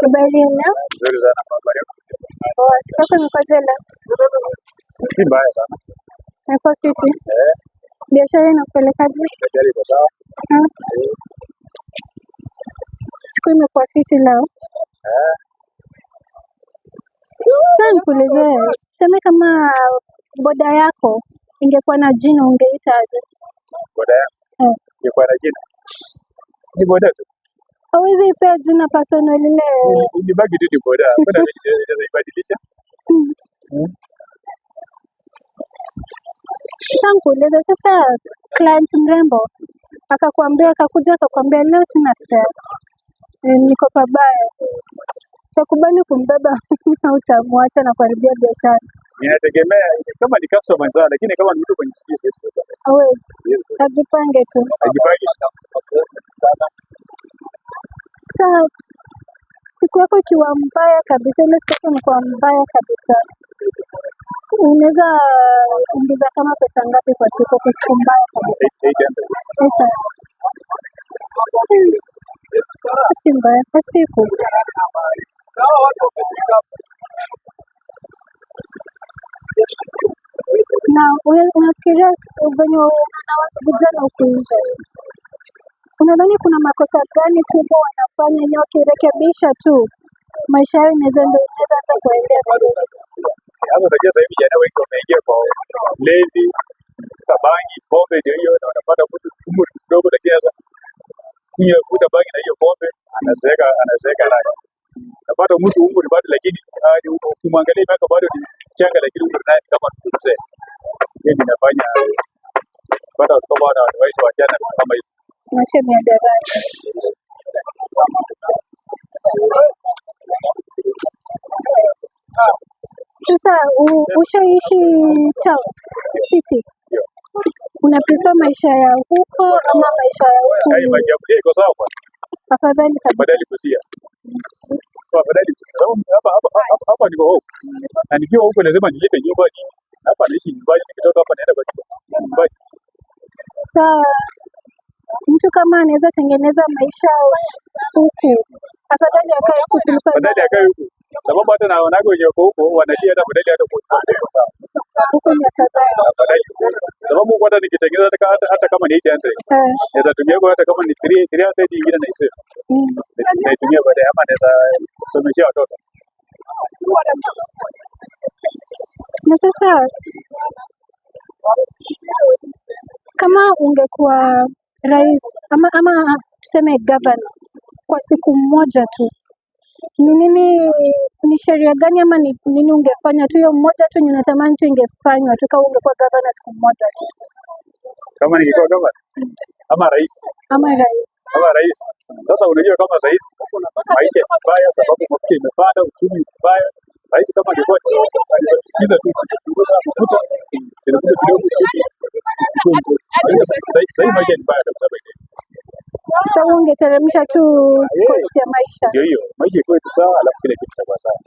kubaliana sikako mikotela fiti, biashara inakupelekaje? Siku imekuwa fiti eh? lao. Mm. Eh. Eh? Sasa nikuulize, kama boda yako ingekuwa na jina ungeitaje? Boda yako ingekuwa na jina ni boda tu hawezi ipea jina personal leo. Ibaki tu boda. Kwenda ibadilisha. Shankuuliza sasa, client mrembo akakwambia, akakuja akakwambia, leo sina fedha, e, niko pabaya, takubali kumbeba au tamwacha na kuharibia biashara? Inategemea kama ni customer zao lakini kama ni mtu kwenye hawezi. Ajipange tu, ajipange kabisa siku yako ikiwa mbaya kabisa, ile siku yako inakuwa mbaya kabisa, unaweza ingiza kama pesa ngapi kwa siku? Kwa siku mbaya kabisa si mbaya kwa siku na unafikiria venye na watu vijana huku nje Unadhani kuna makosa gani kubwa wanafanya leo? Ukirekebisha tu maisha yao inaweza ndocheza hata kuendea vizuri. Hapo yaani unajua sasa jana wengi wameingia kwa levi, tabangi, pombe ndio hiyo na wanapata kutu umri kidogo lakini sasa kunywa kuta bangi na hiyo pombe anazeeka anazeeka nayo. Napata mtu umri bado lakini ah, ukimwangalia miaka bado ni changa lakini umri naye kama mzee. Hiyo inafanya eh, bado kama watu wa wajana kama hiyo. Mashine ya darasa sasa, ushaishi town city, maisha ya huko ama maisha ya huku? Afadhali kabisa hapa niko huko, na nikiwa huko lazima nilipe nyumba hapa, naishi nyumbani, nikitoka hapa naenda kwa nyumbani. Sawa mtu kama anaweza tengeneza maisha huku, afadhali akae huku kuliko afadhali akae huku, sababu hata naona wenye wako huko wanajia hata badali hata huko ni afadhali afadhali, sababu huko hata nikitengeneza hata hata kama ni 800 eh. naweza tumia huko, hata kama ni 3 3 300 nyingine na isio naitumia baadaye, ama naweza someshia watoto na sasa kama ungekuwa rais ama, ama tuseme gavana kwa siku mmoja tu, ni nini, ni sheria gani ama ni nini ungefanya tu hiyo mmoja tu? Ninatamani tu ingefanywa tu kama ungekuwa gavana siku mmoja tu, kama ningekuwa gavana ama rais ama rais ama rais. Sasa unajua kama saa hizi maisha ni mbaya, sababu mafuta imepanda, uchumi mbaya. Rais kama angekuwa alisikiza tu mafuta kidogo kidogo sasa ungeteremsha tu kozi ya maisha, ndio hiyo maisha iko sawa, alafu kile kitu kitakuwa sawa.